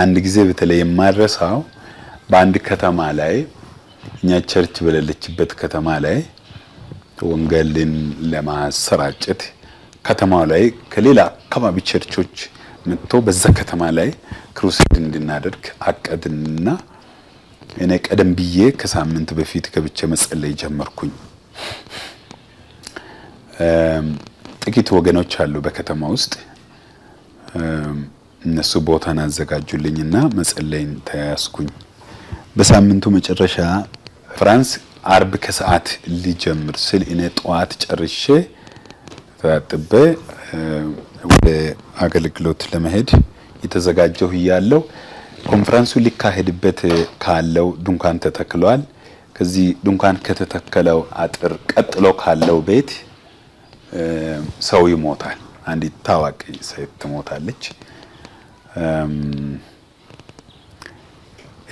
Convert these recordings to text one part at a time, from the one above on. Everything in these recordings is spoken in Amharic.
አንድ ጊዜ በተለይ የማረሳው በአንድ ከተማ ላይ እኛ ቸርች በሌለችበት ከተማ ላይ ወንጌልን ለማሰራጨት ከተማው ላይ ከሌላ አካባቢ ቸርቾች መጥቶ በዛ ከተማ ላይ ክሩሴድ እንድናደርግ አቀድንና እኔ ቀደም ብዬ ከሳምንት በፊት ከብቼ መጸለይ ጀመርኩኝ። ጥቂት ወገኖች አሉ በከተማ ውስጥ እነሱ ቦታን አዘጋጁልኝና መጸለይን ተያያዝኩኝ። በሳምንቱ መጨረሻ ፍራንስ አርብ ከሰዓት ሊጀምር ስል እኔ ጠዋት ጨርሼ ተጣጥቤ ወደ አገልግሎት ለመሄድ የተዘጋጀሁ እያለሁ ኮንፈረንሱ ሊካሄድበት ካለው ድንኳን ተተክሏል። ከዚህ ድንኳን ከተተከለው አጥር ቀጥሎ ካለው ቤት ሰው ይሞታል። አንዲት ታዋቂ ሴት ትሞታለች።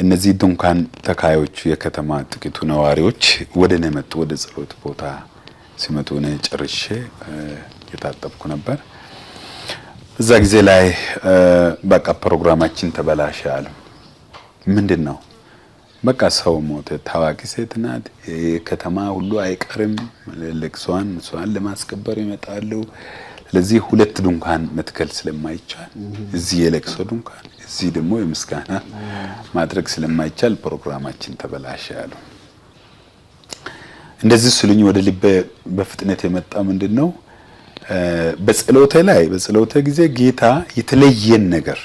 እነዚህ ድንኳን ተካዮቹ የከተማ ጥቂቱ ነዋሪዎች ወደ እኔ መጡ። ወደ ጸሎት ቦታ ሲመጡ እኔ ጨርሼ የታጠብኩ ነበር። እዛ ጊዜ ላይ በቃ ፕሮግራማችን ተበላሸ አሉ። ምንድን ነው በቃ ሰው ሞተ። ታዋቂ ሴት ናት። ከተማ ሁሉ አይቀርም። ልቅሷን እሷን ለማስከበር ይመጣሉ። ስለዚህ ሁለት ድንኳን መትከል ስለማይቻል እዚህ የለቅሶ ድንኳን እዚህ ደግሞ የምስጋና ማድረግ ስለማይቻል ፕሮግራማችን ተበላሸ ያሉ። እንደዚህ ስሉኝ ወደ ልቤ በፍጥነት የመጣ ምንድን ነው በጸሎተ ላይ በጸሎተ ጊዜ ጌታ የተለየን ነገር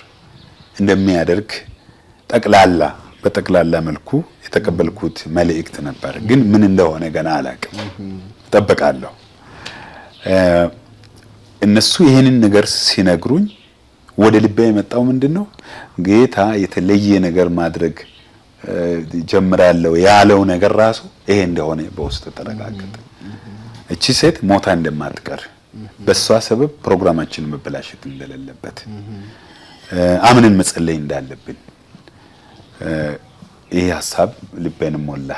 እንደሚያደርግ ጠቅላላ በጠቅላላ መልኩ የተቀበልኩት መልእክት ነበር። ግን ምን እንደሆነ ገና አላቅም፣ እጠብቃለሁ። እነሱ ይህንን ነገር ሲነግሩኝ ወደ ልቤ የመጣው ምንድን ነው ጌታ የተለየ ነገር ማድረግ ጀምራለሁ ያለው ነገር ራሱ ይሄ እንደሆነ በውስጥ ተረጋገጠ። እቺ ሴት ሞታ እንደማትቀር በሷ ሰበብ ፕሮግራማችን መበላሸት እንደሌለበት አምንን መጸለይ እንዳለብን ይሄ ሀሳብ ልቤን ሞላ።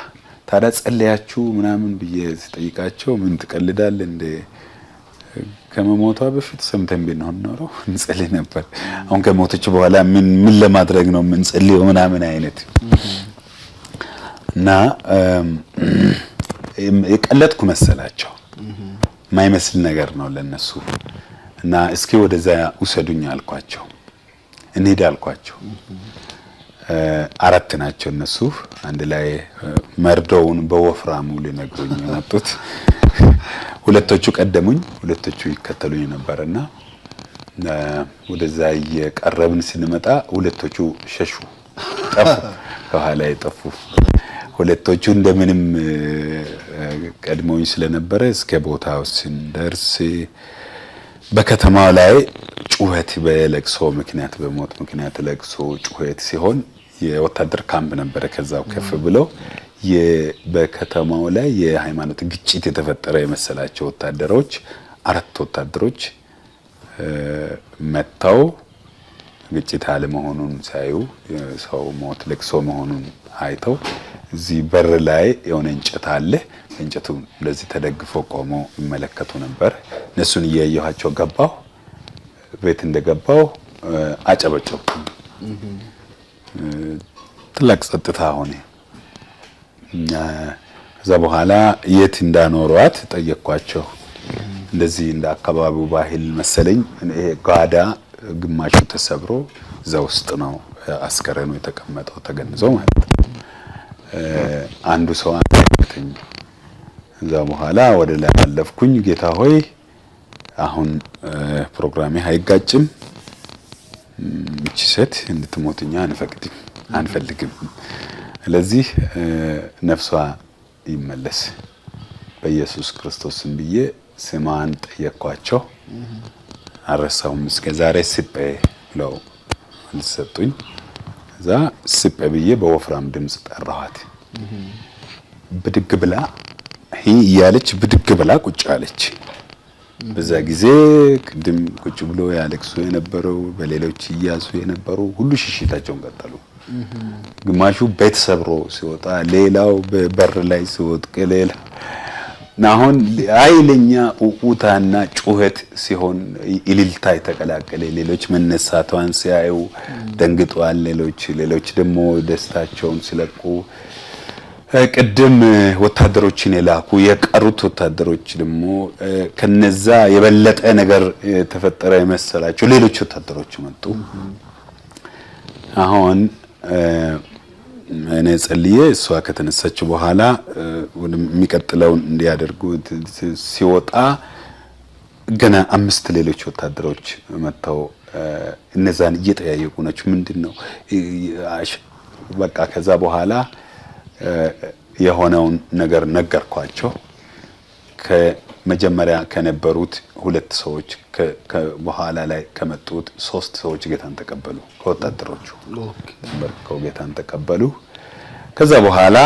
ታዲያ ጸለያችሁ ምናምን ብዬ ስጠይቃቸው ምን ትቀልዳል እንደ ከመሞቷ በፊት ሰምተን ቤት ኖሮ የምንኖረው፣ እንጸልይ ነበር። አሁን ከሞተች በኋላ ምን ምን ለማድረግ ነው የምንጸልየው ምናምን አይነት እና የቀለጥኩ መሰላቸው የማይመስል ነገር ነው ለነሱ እና እስኪ ወደዛ ውሰዱኝ አልኳቸው፣ እንሄድ አልኳቸው። አራት ናቸው እነሱ አንድ ላይ መርዶውን በወፍራሙ ሊነግሩኝ የመጡት ሁለቶቹ ቀደሙኝ፣ ሁለቶቹ ይከተሉኝ ነበርና ወደዛ እየቀረብን ስንመጣ ሁለቶቹ ሸሹ፣ ጠፉ፣ ከኋላ የጠፉ ሁለቶቹ እንደምንም ቀድሞኝ ስለነበረ እስከ ቦታው ስንደርስ በከተማው ላይ ጩኸት በለቅሶ ምክንያት በሞት ምክንያት ለቅሶ ጩኸት ሲሆን የወታደር ካምፕ ነበረ። ከዛው ከፍ ብለው። በከተማው ላይ የሃይማኖት ግጭት የተፈጠረ የመሰላቸው ወታደሮች አራት ወታደሮች መጥተው ግጭት አለመሆኑን ሳዩ ሰው ሞት ልቅሶ መሆኑን አይተው እዚህ በር ላይ የሆነ እንጨት አለ። እንጨቱ እንደዚህ ተደግፎ ቆሞ ይመለከቱ ነበር። እነሱን እያየኋቸው ገባሁ። ቤት እንደገባሁ አጨበጨብኩ። ትልቅ ጸጥታ ሆነ። ከዛ በኋላ የት እንዳኖሯት ጠየቅኳቸው። እንደዚህ እንደ አካባቢው ባህል መሰለኝ ይሄ ጓዳ ግማሹ ተሰብሮ እዛ ውስጥ ነው አስከረኑ የተቀመጠው ተገንዘው ማለት ነው። አንዱ ሰው አንተኝ እዛ በኋላ ወደ ላይ አለፍኩኝ። ጌታ ሆይ አሁን ፕሮግራሜ አይጋጭም። እቺ ሴት እንድትሞትኛ አንፈቅድም አንፈልግም ስለዚህ ነፍሷ ይመለስ በኢየሱስ ክርስቶስም ብዬ ስማን ጠየቅኳቸው። አረሳውም እስከ ዛሬ ስጴ ብለው አልሰጡኝ። እዛ ስጴ ብዬ በወፍራም ድምፅ ጠራኋት። ብድግ ብላ እያለች ብድግ ብላ ቁጭ አለች። በዛ ጊዜ ቅድም ቁጭ ብሎ ያለቅሱ የነበረው በሌሎች እያሱ የነበረው ሁሉ ሽሽታቸውን ቀጠሉ። ግማሹ ቤት ሰብሮ ሲወጣ፣ ሌላው በበር ላይ ሲወጥቅ፣ ሌላ አሁን ኃይለኛ ቁጣና ጩኸት ሲሆን እልልታ የተቀላቀለ ሌሎች መነሳቷን ሲያዩ ደንግጧል። ሌሎች ሌሎች ደግሞ ደስታቸውን ሲለቁ ቅድም ወታደሮችን የላኩ የቀሩት ወታደሮች ደግሞ ከነዛ የበለጠ ነገር ተፈጠረ የመሰላቸው ሌሎች ወታደሮች መጡ። አሁን እኔ ጸልዬ እሷ ከተነሳች በኋላ የሚቀጥለው እንዲያደርጉ ሲወጣ ገና አምስት ሌሎች ወታደሮች መጥተው እነዛን እየጠያየቁ ናቸው። ምንድን ነው በቃ ከዛ በኋላ የሆነውን ነገር ነገርኳቸው። ከመጀመሪያ ከነበሩት ሁለት ሰዎች በኋላ ላይ ከመጡት ሶስት ሰዎች ጌታን ተቀበሉ። ከወታደሮቹ ጌታን ተቀበሉ። ከዛ በኋላ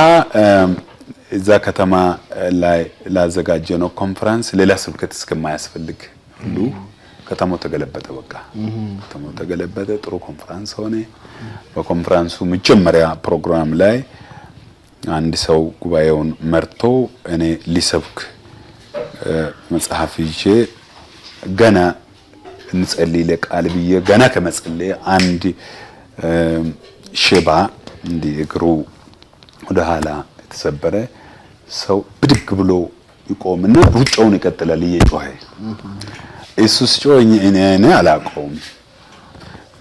እዛ ከተማ ላይ ነው ኮንፈረንስ ሌላ ስብከት እስከማያስፈልግ ሁሉ ከተማው ተገለበጠ። በቃ ከተማው ተገለበጠ። ጥሩ ኮንፈረንስ ሆነ። በኮንፈረንሱ መጀመሪያ ፕሮግራም ላይ አንድ ሰው ጉባኤውን መርቶ እኔ ሊሰብክ መጽሐፍ ይዤ ገና እንጸልይ ለቃል ብዬ ገና ከመጸለይ አንድ ሽባ እንዲህ እግሩ ወደ ኋላ የተሰበረ ሰው ብድግ ብሎ ይቆምና ሩጫውን ይቀጥላል እየጮኸ። እሱ ሲጮህ እኔ አላውቀውም።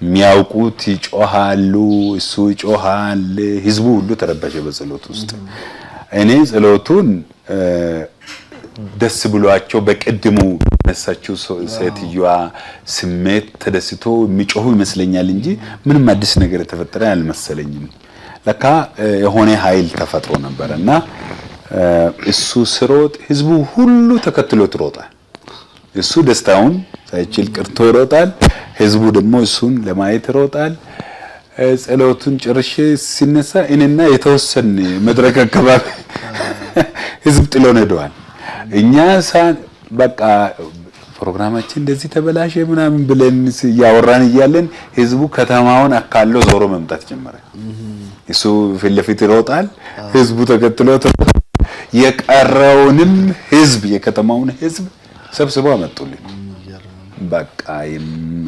የሚያውቁት ይጮሃሉ፣ እሱ ይጮሃል። ህዝቡ ሁሉ ተረበሸ በጸሎት ውስጥ። እኔ ጸሎቱን ደስ ብሏቸው በቅድሙ ነሳችው ሴትዮዋ ስሜት ተደስቶ የሚጮሁ ይመስለኛል እንጂ ምንም አዲስ ነገር የተፈጠረ አልመሰለኝም። ለካ የሆነ ኃይል ተፈጥሮ ነበረ እና እሱ ስሮጥ ህዝቡ ሁሉ ተከትሎ ትሮጣል። እሱ ደስታውን ሳይችል ቅርቶ ይሮጣል። ህዝቡ ደግሞ እሱን ለማየት ይሮጣል። ጸሎቱን ጨርሼ ሲነሳ እኔና የተወሰን መድረክ አካባቢ ህዝብ ጥሎን ሄደዋል። እኛ ሳ በቃ ፕሮግራማችን እንደዚህ ተበላሸ ምናምን ብለን እያወራን እያለን ህዝቡ ከተማውን አካሎ ዞሮ መምጣት ጀመረ። እሱ ፊት ለፊት ይሮጣል፣ ህዝቡ ተከትሎ የቀረውንም ህዝብ የከተማውን ህዝብ ሰብስበው አመጡልኝ። በቃ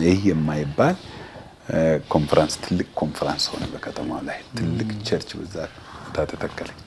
ይህ የማይባል ኮንፈረንስ፣ ትልቅ ኮንፈረንስ ሆነ። በከተማ ላይ ትልቅ ቸርች በዛ ተተከለች።